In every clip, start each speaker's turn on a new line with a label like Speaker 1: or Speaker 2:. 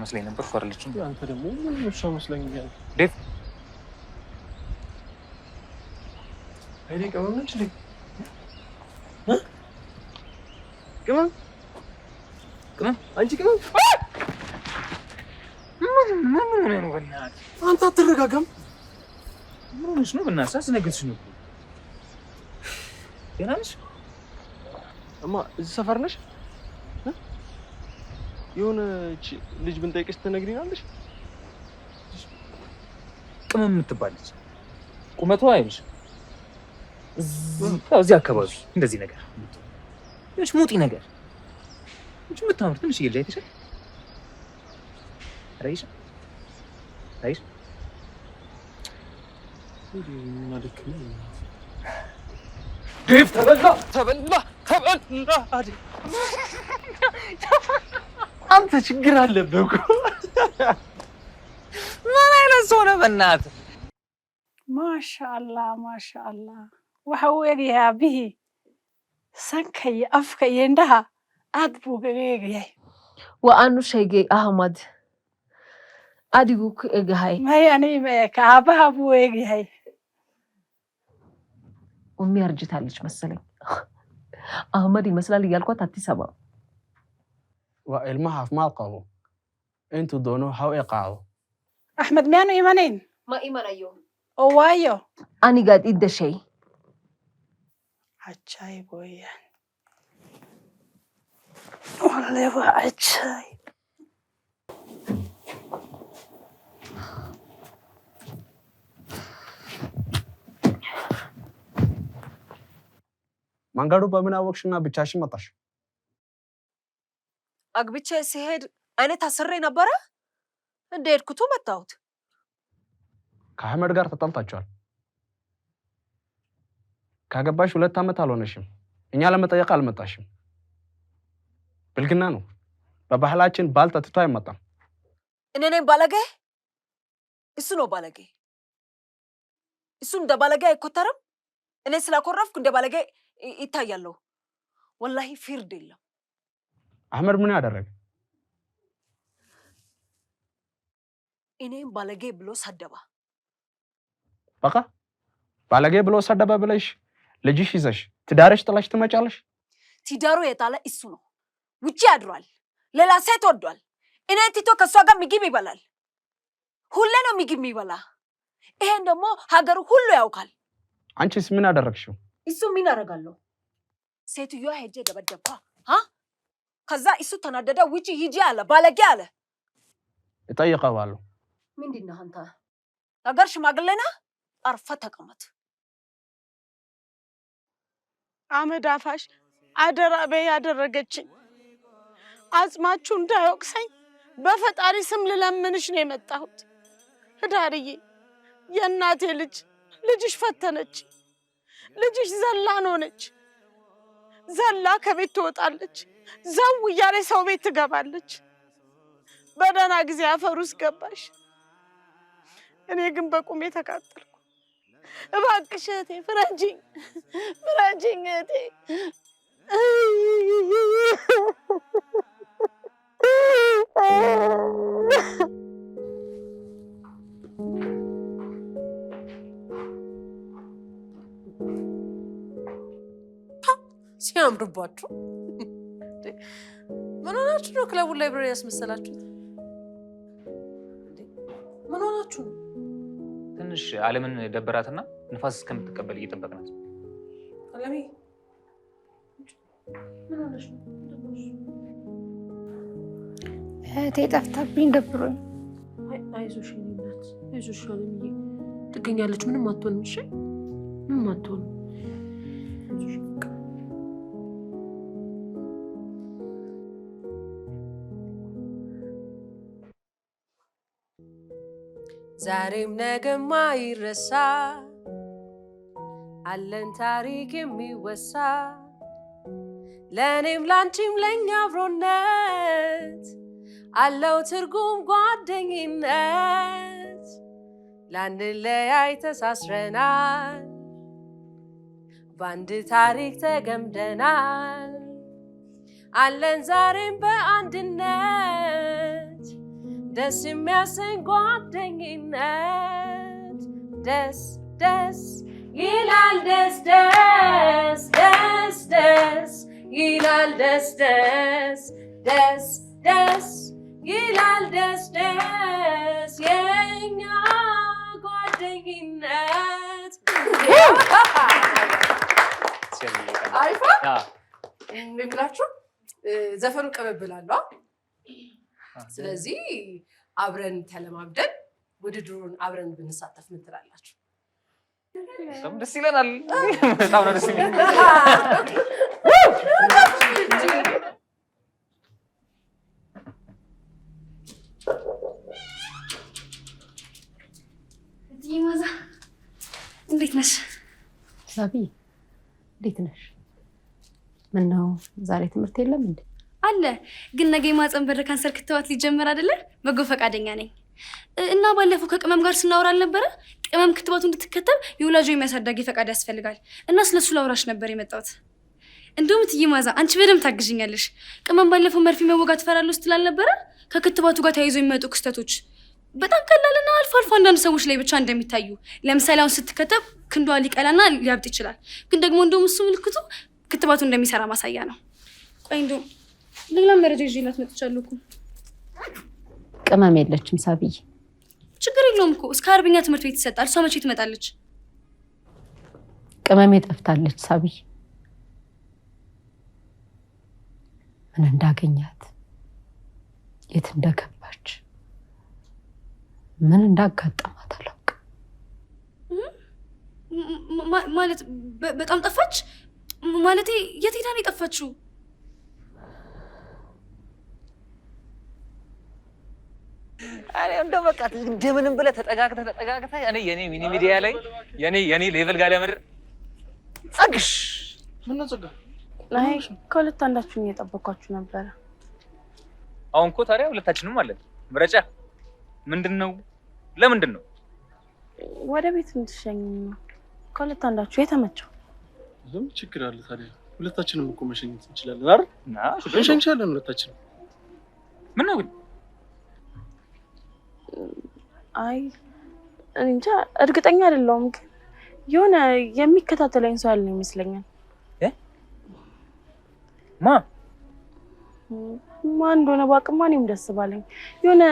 Speaker 1: መስለኝ ነበር ፈርልችን
Speaker 2: አንተ ደግሞ ምን ብቻ መስለኝ እያለ ዴፍ አይኔ ቅመም ነች ቅመም ቅመም፣ አንቺ ቅመም፣ አንተ አትረጋጋም?
Speaker 1: ምን ሆነሽ ነው? በእናትህ ሳስነግርሽ ነው። ደህና ነሽ?
Speaker 2: እማ እዚህ ሰፈር ነሽ? የሆነች ልጅ ብንጠይቅሽ ትነግሪናለሽ?
Speaker 1: ቅመም የምትባለች ቁመቷ አይልሽ እዚህ አካባቢ እንደዚህ ነገር ሽ ሙጢ ነገር ች የምታምር ትንሽ እየልጅ አይተሻል? ራይሻ ራይሻ ዴቭ ተበላ
Speaker 2: ተበላ አንተ ችግር አለብህ እኮ ምን አይነት ሰው ነህ? በእናትህ
Speaker 3: ማሻአላህ ማሻአላህ waxaweegayaa abihii sanka iyo afka iyo indhaha aad buu gaga egayahay
Speaker 4: waa aan u sheegay ahmad adiguu ku egahay
Speaker 3: may ani ma eka aabaha buu eegyahay
Speaker 4: ummi arjitaለች መሰለኝ أهمدي مسألة اللي يالكو تاتي سبا
Speaker 5: وإلما هاف مال قابو إنتو دونو هاو إقاعو
Speaker 3: أحمد ميانو إيمانين
Speaker 6: ما إيمان أيو
Speaker 3: أو وايو
Speaker 4: أني قاد إدى شي
Speaker 3: عجاي بويا والله عجاي
Speaker 7: መንገዱ በምን አወቅሽና ብቻሽን መጣሽ?
Speaker 6: አግብቼ ሲሄድ አይነት አስሬ ነበረ። እንደ ሄድኩቱ
Speaker 7: ከአህመድ ጋር ተጣልታችኋል? ካገባሽ ሁለት ዓመት አልሆነሽም። እኛ ለመጠየቅ አልመጣሽም። ብልግና ነው። በባህላችን ባል ተትቶ አይመጣም።
Speaker 6: እኔ ነኝ ባለጌ? እሱ ነው ባለጌ። እሱ እንደ ባለጌ አይኮተርም። እኔ ስላኮረፍኩ እንደ ባለጌ ይታያለሁ። ወላሂ ፊርድ የለም።
Speaker 7: አህመድ ምን ያደረገ?
Speaker 6: እኔም ባለጌ ብሎ ሰደባ።
Speaker 7: በቃ ባለጌ ብሎ ሳደባ ብለሽ ልጅሽ ይዘሽ ትዳርሽ ጥላሽ ትመጫለሽ?
Speaker 6: ትዳሩ የጣለ እሱ ነው ውጭ ያድሯል፣ ሌላ ሴት ወዷል። እኔ ቲቶ ከእሷ ጋር ምግብ ይበላል። ሁሌ ነው ምግብ የሚበላ። ይሄን ደግሞ ሀገሩ ሁሉ ያውቃል።
Speaker 7: አንቺስ ምን አደረግሽው?
Speaker 6: እሱ ምን አደርጋለሁ? ሴትዮዋ ሄጄ ደበደብኳ። ከዛ እሱ ተናደደ። ውጪ ሂጂ አለ፣ ባለጌ አለ።
Speaker 7: እጠይቀዋለሁ።
Speaker 6: ምንድን ነህ አንተ? አገር ሽማግሌ አርፈ ተቀመጥ።
Speaker 3: አመድ አፋሽ አደራ በይ። ያደረገችኝ አጽማችሁ እንዳይወቅሰኝ በፈጣሪ ስም ልለምንሽ ነው የመጣሁት። ህዳርዬ፣ የእናቴ ልጅ ልጅሽ ፈተነች። ልጅሽ ዘላን ሆነች። ዘላ ከቤት ትወጣለች፣ ዘው እያለ ሰው ቤት ትገባለች። በደህና ጊዜ አፈር ውስጥ ገባሽ። እኔ ግን በቁሜ ተቃጠልኩ። እባክሽ እህቴ ፍረጂኝ፣ ፍረጅኝ እህቴ። ሲያምርባችሁ ምን ሆናችሁ ነው ክለቡን ላይብረሪ ያስመሰላችሁት? ምን ሆናችሁ ነው?
Speaker 1: ትንሽ አለምን ደበራትና ንፋስ እስከምትቀበል እየጠበቅናት
Speaker 3: አለሜ ምን ነው? እህቴ ጠፍታብኝ ደብሮኝ። አይዞሽ፣ አይዞሽ አለምዬ፣ ትገኛለች። ምንም አትሆንም። እሺ፣ ምንም አትሆንም።
Speaker 8: ዛሬም ነገም አይረሳ አለን ታሪክ የሚወሳ ለእኔም ላንቺም ለኛ አብሮነት አለው ትርጉም ጓደኝነት ላንለያይ ተሳስረናል በአንድ ታሪክ ተገምደናል አለን ዛሬም በአንድነት ደስ የሚያሰኝ ጓደኝነት ደስ ደስ ይላል ደስ ደስ ደስ ደስ ይላል ደስ ደስ ደስ ደስ ይላል ደስ ደስ የኛ ጓደኝነት
Speaker 9: አይፋ እንግላችሁ ዘፈኑ ቅብብል አለ ስለዚህ አብረን ተለማምደን ውድድሩን አብረን ብንሳተፍ ምን ትላላችሁ?
Speaker 10: ደስ ይለናል። በጣም ደስ ይለናል።
Speaker 11: እንዴት ነሽ?
Speaker 12: ዛቢ እንዴት ነሽ? ምነው ዛሬ ትምህርት የለም እንዴ?
Speaker 11: አለ ግን ነገ የማህፀን በር ካንሰር ክትባት ሊጀመር አይደለ? በጎ ፈቃደኛ ነኝ እና ባለፈው ከቅመም ጋር ስናወራ አልነበረ? ቅመም ክትባቱ እንድትከተብ የወላጆ የሚያሳዳጊ ፈቃድ ያስፈልጋል እና ስለሱ ላውራሽ ነበር የመጣሁት። እንዲሁም እትዬ ማዛ አንቺ በደንብ ታግዥኛለሽ። ቅመም ባለፈው መርፌ መወጋት እፈራለሁ ስትል አልነበረ? ከክትባቱ ጋር ተያይዞ የሚመጡ ክስተቶች በጣም ቀላልና አልፎ አልፎ አንዳንድ ሰዎች ላይ ብቻ እንደሚታዩ ለምሳሌ አሁን ስትከተብ ክንዷ ሊቀላና ሊያብጥ ይችላል። ግን ደግሞ እንደውም እሱ ምልክቱ ክትባቱ እንደሚሰራ ማሳያ ነው። ቆይ እንደውም ሌላ መረጃ ይዤላት መጥቻለሁ እኮ።
Speaker 12: ቅመም የለችም ሳብዬ።
Speaker 11: ችግር የለውም እኮ እስከ አርብኛ ትምህርት ቤት ይሰጣል። እሷ መቼ ትመጣለች?
Speaker 12: ቅመሜ ጠፍታለች ሳብዬ። ምን እንዳገኛት፣ የት እንደገባች፣ ምን እንዳጋጠማት አላውቅም።
Speaker 11: ማለት በጣም ጠፋች ማለት የት ሄዳ ነው የጠፋችው?
Speaker 10: እንደው በቃ እንደምንም ብለህ ተጠጋግተህ ተጠጋግተህ እኔ የኔ ሚኒ ሚዲያ ላይ የኔ የኔ ሌቨል ጋር ለምድር ጸግሽ
Speaker 2: ጸጋ
Speaker 11: አይ ከሁለት አንዳችሁን እየጠበኳችሁ ነበረ።
Speaker 10: አሁን እኮ ታዲያ ሁለታችንም አለን። ምረጫ ምንድን ነው? ለምንድን ነው
Speaker 11: ወደ ቤት ከሁለት አንዳችሁ የተመቸው
Speaker 2: ችግር አለ ታዲያ? ሁለታችንም እኮ መሸኘት እንችላለን አይደል? እና እንሸኝሻለን ሁለታችንም።
Speaker 10: ግን
Speaker 11: አይ እንጃ እርግጠኛ አይደለሁም፣ ግን የሆነ የሚከታተለኝ ሰው ያለ ይመስለኛል። ማ ማን እንደሆነ ባቅማ እኔም ደስ ባለኝ። የሆነ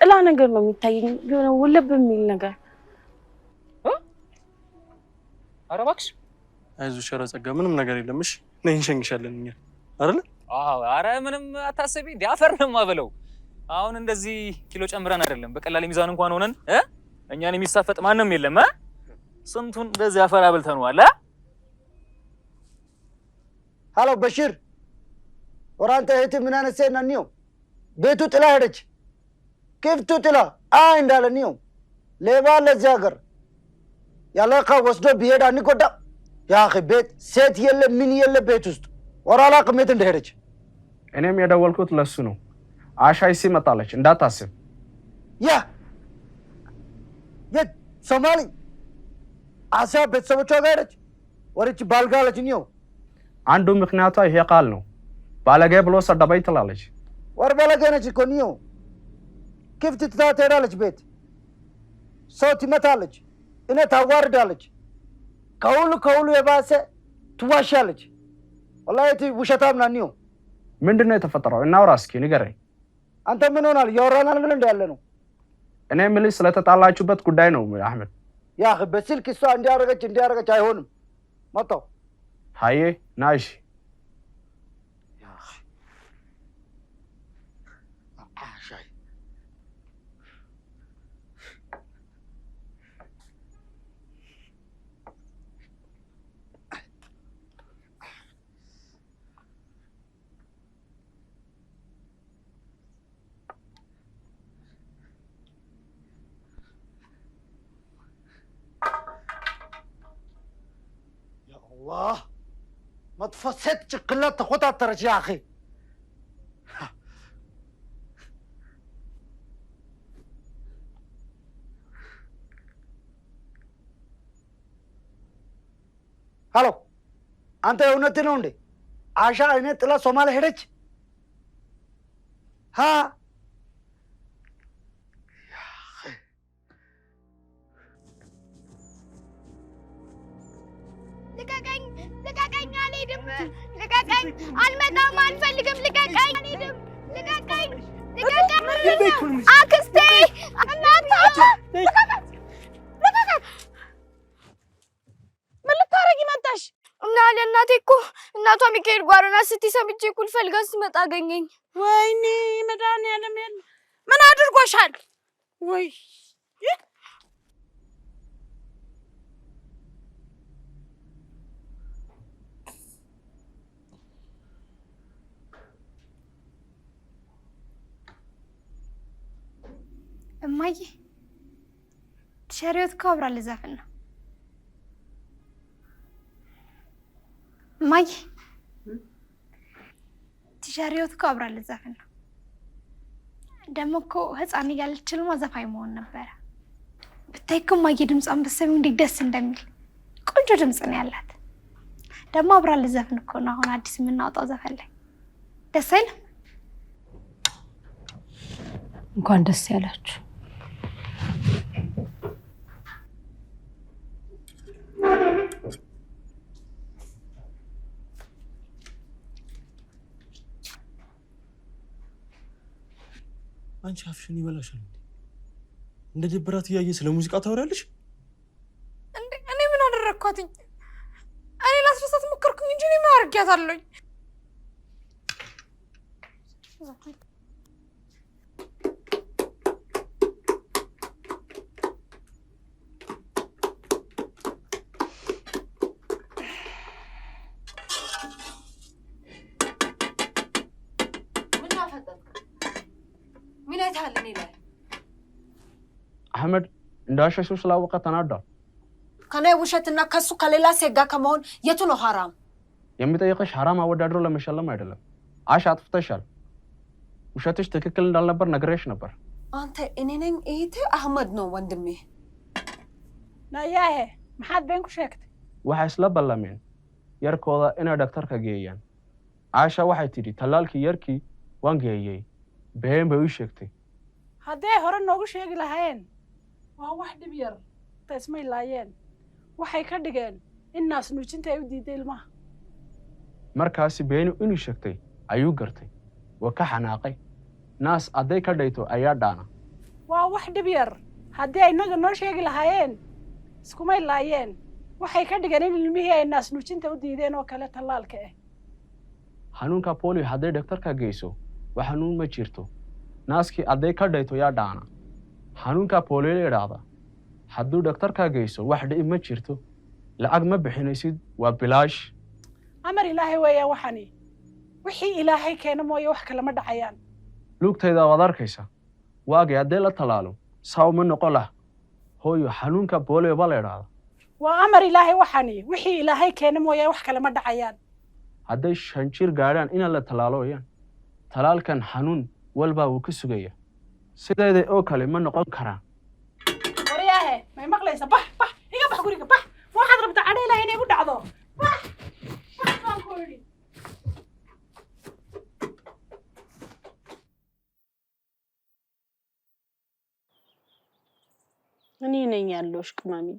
Speaker 11: ጥላ ነገር ነው የሚታየኝ፣ የሆነ ውልብ የሚል ነገር።
Speaker 10: ኧረ እባክሽ
Speaker 2: አይዞሽ፣ ኧረ ጸጋ፣ ምንም ነገር የለምሽ። እሺ ነይ እንሸኝሻለን እኛ አይደለ?
Speaker 10: አዎ፣ ምንም አታስቢ፣ እንደ አፈር ነው የማበለው አሁን እንደዚህ ኪሎ ጨምረን አይደለም፣ በቀላል ሚዛን እንኳን ሆነን እኛን የሚሳፈጥ ማንም የለም። ስንቱን እንደዚህ አፈር አብልተነዋል።
Speaker 13: ሀሎ በሽር ወራንተ እህት ምን አነሰ ናኒዮ ቤቱ ጥላ ሄደች። ክፍቱ ጥላ አይ እንዳለ ኒዮ ሌባ ለዚህ ሀገር ያለካ ወስዶ ቢሄድ አንጎዳ። ያ ቤት ሴት የለ ምን የለ ቤት ውስጥ ወራላ ቅሜት እንደሄደች
Speaker 7: እኔም የደወልኩት ለሱ ነው። አሻይ መጣለች እንዳታስብ።
Speaker 13: ያ የሶማሊ ሶማሊ አሳ ቤተሰቦቿ ጋር ነች ወደች ባልጋለች። እኒው
Speaker 7: አንዱ ምክንያቷ ይሄ ቃል ነው። ባለጌ ብሎ ሰደበኝ ትላለች።
Speaker 13: ወር ባለጌ ነች እኮ እኒው። ክፍት ትታ ትሄዳለች። ቤት ሰው ትመታለች። እኔ ታዋርዳለች። ከሁሉ ከሁሉ የባሰ ትዋሻለች። ወላሂ ውሸታም ና እኒው።
Speaker 7: ምንድን ነው የተፈጠረው? እናውራ እስኪ ንገረኝ።
Speaker 13: አንተ ምን ሆናል? እያወራን አይደል እንደ ያለ ነው።
Speaker 7: እኔ የምልሽ ስለተጣላችሁበት ጉዳይ ነው አህመድ።
Speaker 13: ያ በስልክ እሷ እንዲያደረገች እንዲያደረገች አይሆንም። መጣው
Speaker 7: ሀዬ ናሽ
Speaker 13: वा मग फसेच चक्कल ला तकोतात तर आखे हॅलो आंत येऊन ती नंडे आशा आणि तुला सोमाला हेडेच हा
Speaker 14: ልቀቀኝ፣ አልሄድም። ልቀቀኝ፣ አልመጣም፣ አልፈልግም። ልቀቀኝ፣ አልሄድም። ልቀቀኝ፣ ልቀቀኝ፣ አክስቴ እናት ምን ልታረጊ መጣሽ?
Speaker 15: እና ለእናቴ እኮ እናቷ ሚካኤል ጓሮና ስቲ ሰምቼ እኩል ፈልጋ ስትመጣ አገኘኝ።
Speaker 14: ወይኔ መድኃኒዓለም ምን አድርጎሻል? ወይ
Speaker 16: እማዬ ሸሪዮት እኮ አብራ ልዘፍን ነው። እማዬ ሸሪዮት እኮ አብራ ልዘፍን ነው። ደግሞ እኮ ህፃን እያለች ልማ ዘፋኝ መሆን ነበረ። ብታይ እኮ እማዬ ድምጿን ብትሰሚው እንዴት ደስ እንደሚል ቆንጆ ድምፅ ነው ያላት። ደግሞ አብራ ልዘፍን እኮ ነው አሁን አዲስ የምናወጣው ዘፈን ላይ ደስ አይልም?
Speaker 12: እንኳን ደስ ያላችሁ።
Speaker 2: አንቺ አፍሽን ይበላሻል። እንደ ድብራት እያየ ስለ ሙዚቃ ታወሪያለሽ።
Speaker 16: እኔ ምን አደረግኳትኝ? እኔ ላስረሳት ሞከርኩኝ እንጂ እኔ ምን አድርጊያታለሁኝ?
Speaker 7: እንዳሸሹ ስላወቀ ተናዷል።
Speaker 17: ከኔ ውሸትና ከሱ ከሌላ ሴት ጋር ከመሆን የቱ ነው ሀራም?
Speaker 7: የሚጠይቅሽ ሀራም አወዳድሮ ለመሸለም አይደለም። አሽ አጥፍተሻል። ውሸትሽ ትክክል እንዳልነበር ነግሬሽ ነበር።
Speaker 17: አንተ እኔ ነኝ እህቴ፣ አህመድ ነው ወንድሜ።
Speaker 18: ናያሄ maxaad been ku sheegtay
Speaker 7: waxay isla ballameen yarkooda inay dhagtarka geeyaan caasha waxay tidhi tallaalkii yarkii waan geeyey been bay ii sheegtay
Speaker 18: haddee hore noogu sheegi lahayeen waa wax dhib yar ta ismay laayeen waxay ka dhigeen in naas nuujinta ay u diiday ilmaha
Speaker 7: markaasi beenu inuu shegtay ayuu gartay waa ka xanaaqay naas adday ka dhayto ayaa dhaana
Speaker 18: waa wax dhib yar haddii ay innaga noo sheegi lahaayeen iskumay laayeen waxay ka dhigeen in ilmihii ay naas nuujinta u diideen oo kale tallaalka ah
Speaker 7: xanuunka bolio hadday dhaktarka geyso wax xanuun ma jirto naaskii adday ka dhayto yaa dhaana xanuunkaa booliyo idhaahda hadduu dhaktarkaa geyso wax dhi'i ma jirto lacag ma bixinaysid waa bilaash
Speaker 18: amar ilaahay weeyaa waxani wixii ilaahay keena mooye wax kalama dhacayaan
Speaker 7: luugtayda waad arkaysa waagi haddee la tallaalo saw ma noqo lah hooyo xanuunka booliyo ba la idhaahda
Speaker 18: waa amar ilaahay waxani wixii ilaahay keena mooye wax kalama dhacayaan
Speaker 7: hadday shanjir gaadhaan inaan la tallaalo wayaan talaalkan xanuun walbaa wuu ka sugaya sideeda oo kale ma noqon karaa
Speaker 18: waryaahe may maqlaysa bax bax iga bax guriga bax waxaad rabtaa cadhe ilaah inay gu dhacdo bax bax baan ku idhi
Speaker 19: እኔ ነኝ ያለሁሽ ቅመምዬ፣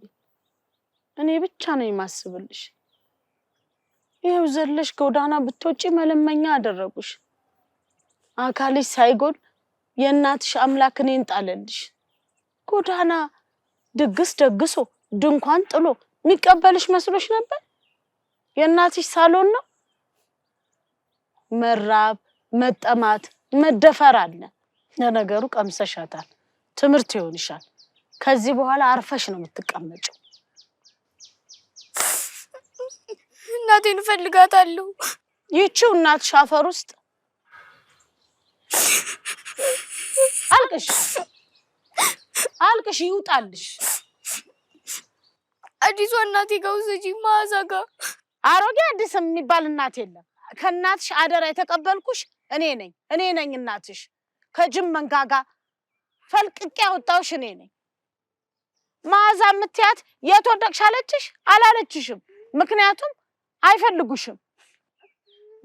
Speaker 19: እኔ ብቻ ነኝ የማስብልሽ። ይኸው ዘለሽ ጎዳና ብትወጪ መለመኛ አደረጉሽ። አካልሽ ሳይጎል የእናትሽ አምላክ እኔን ጣለልሽ። ጎዳና ድግስ ደግሶ ድንኳን ጥሎ የሚቀበልሽ መስሎሽ ነበር? የእናትሽ ሳሎን ነው። መራብ፣ መጠማት፣ መደፈር አለ። ለነገሩ ቀምሰሻታል፣ ትምህርት ይሆንሻል። ከዚህ በኋላ አርፈሽ ነው የምትቀመጭው።
Speaker 16: እናቴን እፈልጋታለሁ።
Speaker 19: ይቺው እናትሽ አፈር ውስጥ አልቅሽ አልቅሽ ይውጣልሽ።
Speaker 16: አዲሷ እናቴ ጋር ውሰጂኝ መዓዛ ጋር።
Speaker 19: አሮጌ አዲስ የሚባል እናት የለም። ከእናትሽ አደራ የተቀበልኩሽ እኔ ነኝ። እኔ ነኝ እናትሽ። ከጅም መንጋጋ ፈልቅቄ ያወጣሁሽ እኔ ነኝ። መዓዛ የምትያት የት ወደቅሽ አለችሽ? አላለችሽም። ምክንያቱም አይፈልጉሽም።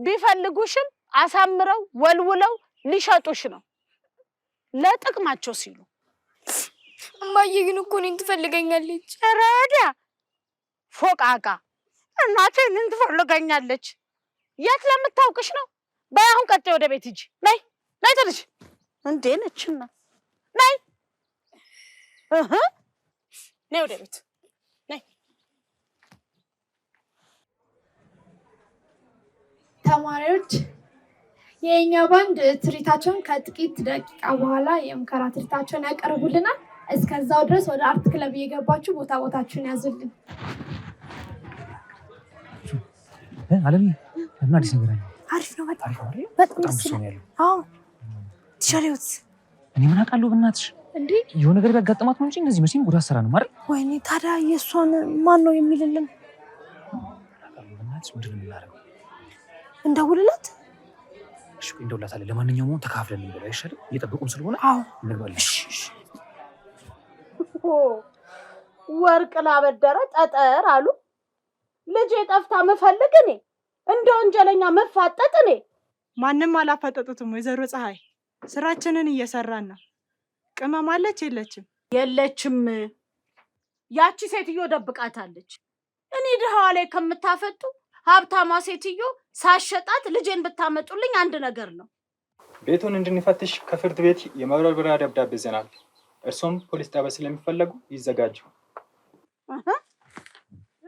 Speaker 19: ቢፈልጉሽም አሳምረው ወልውለው ሊሸጡሽ ነው። ለጥቅማቸው ሲሉ።
Speaker 16: እማዬ ግን እኮ እኔን ትፈልገኛለች።
Speaker 19: ኧረ ወዲያ ፎቃቃ እናቴ እኔን ትፈልገኛለች። የት ለምታውቅሽ ነው? በይ አሁን ቀጥይ ወደ ቤት ሂጂ። ነይ ነይ ትልሽ እንዴ ነችና ነይ እህ ነይ ወደ ቤት ነይ።
Speaker 20: ተማሪዎች የእኛ ባንድ ትርኢታቸውን ከጥቂት ደቂቃ በኋላ የሙከራ ትርኢታቸውን ያቀርቡልናል። እስከዛው ድረስ ወደ አርት ክለብ እየገባችሁ ቦታ ቦታችሁን ያዙልን።
Speaker 2: አለም ምን አዲስ ነገር አለ? አሪፍ ነው። በጣም
Speaker 16: በጣም ደስ ይላል። አዎ እኔ ምን አውቃለሁ እንዴ
Speaker 2: የሆነ ነገር ቢያጋጥማት ነው እንጂ እንደዚህ መቼም ጉዳት ስራ ነው ማለት።
Speaker 16: ወይኔ ታዲያ የእሷን ማን ነው የሚልልን? እንደውልላት
Speaker 2: እሺ ቆይ እንደው ለማንኛውም አሁን ተካፍለን እንበላ አይሻልም? እየጠበቁን ስለሆነ አዎ እንበላለን።
Speaker 19: ወርቅ ላበደረ ጠጠር አሉ። ልጄ ጠፍታ መፈልግ እኔ እንደ ወንጀለኛ መፋጠጥ እኔ
Speaker 18: ማንም አላፈጠጡትም። ወይዘሮ ፀሐይ ስራችንን እየሰራን ነው። ቅመም አለች የለችም?
Speaker 19: የለችም። ያቺ ሴትዮ ደብቃታለች። እኔ ድሃዋ ላይ ከምታፈጡ ሀብታሟ ሴትዮ ሳሸጣት ልጄን ብታመጡልኝ አንድ ነገር ነው።
Speaker 7: ቤቱን እንድንፈትሽ ከፍርድ ቤት የመበርበሪያ ደብዳቤ ይዘናል። እርሶም ፖሊስ ጣቢያ ስለሚፈለጉ ይዘጋጁ።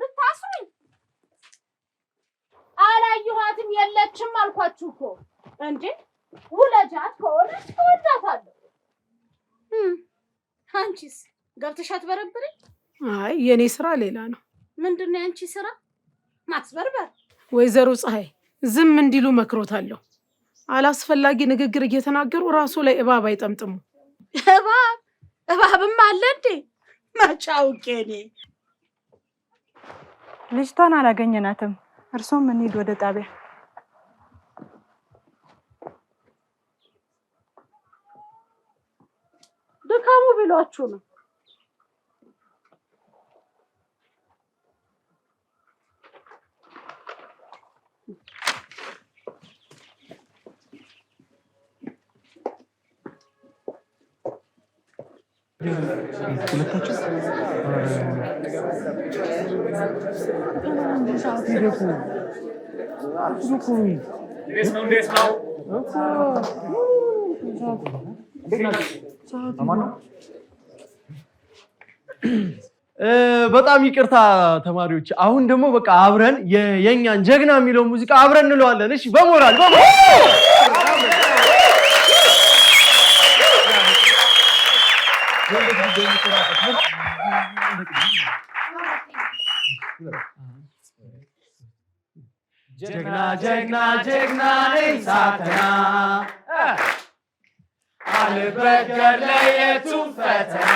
Speaker 19: ልታስሩኝ? አላየኋትም፣ የለችም አልኳችሁ እኮ እንዴ። ውለጃት ከሆነ እወዳታለሁ። አንቺስ ገብተሻት በረብሬ?
Speaker 18: አይ የእኔ ስራ ሌላ ነው።
Speaker 19: ምንድን ነው የአንቺ ስራ? ማስበርበር።
Speaker 18: ወይዘሮ ፀሐይ ዝም እንዲሉ መክሮታለሁ። አላስፈላጊ ንግግር እየተናገሩ ራሱ ላይ እባብ አይጠምጥሙ።
Speaker 19: እባብ እባብም አለ እንዴ? መጫውቄ እኔ
Speaker 18: ልጅቷን አላገኘናትም። እርሶም እንሂድ ወደ ጣቢያ።
Speaker 19: ድካሙ ብሏችሁ ነው
Speaker 21: በጣም ይቅርታ ተማሪዎች፣ አሁን ደግሞ በቃ አብረን የኛን ጀግና የሚለውን ሙዚቃ አብረን እንለዋለን። እሺ በሞራል በሞራል
Speaker 22: ጀግና ጀግና ጀግና ነኝ ሳተና አልበገር ለየቱም ፈተና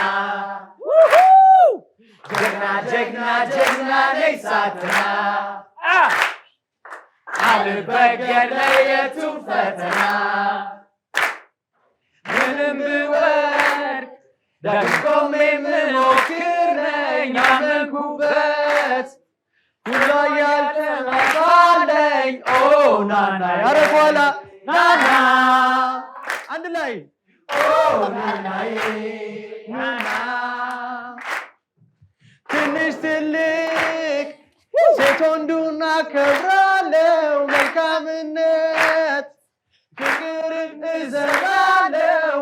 Speaker 22: ጀግና ጀግና ጀግና ነኝ ሳተና አልበገር ለየቱም ፈተና ምንም ብወድ ደግሞም የምሞክር ነኝ አመንኩበት ኦ ናና አንድ ላይ ትንሽ ትልቅ ሴት ወንዱን አከብራለው መልካምነት ፍቅርን እዘራለው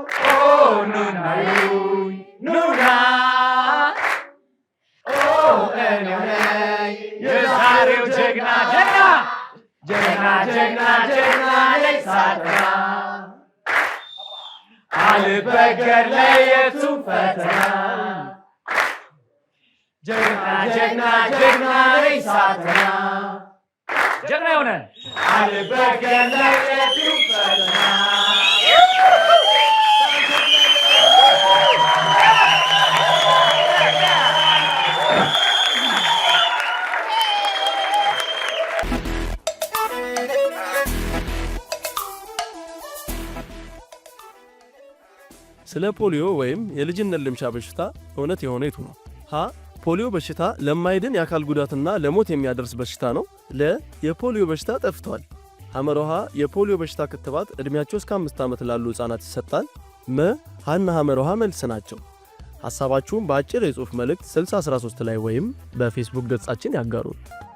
Speaker 22: ኑና ኑና ዛሬው ጀግና ጀግና ጀግና ጀግና ጀግና ላይ አልበገር ለየቱ ፈተና ጀግና ጀግና ጀግና ላይ ጀግና የሆነ አልበገር ለየቱ ፈተና
Speaker 23: ስለ ፖሊዮ ወይም የልጅነት ልምሻ በሽታ እውነት የሆነ የቱ ነው? ሀ ፖሊዮ በሽታ ለማይድን የአካል ጉዳትና ለሞት የሚያደርስ በሽታ ነው። ለ የፖሊዮ በሽታ ጠፍቷል። ሐመሮሃ የፖሊዮ በሽታ ክትባት ዕድሜያቸው እስከ አምስት ዓመት ላሉ ሕፃናት ይሰጣል። መ ሀና ሐመሮሃ መልስ ናቸው። ሐሳባችሁም በአጭር የጽሑፍ መልእክት 6013 ላይ ወይም በፌስቡክ ገጻችን ያጋሩን።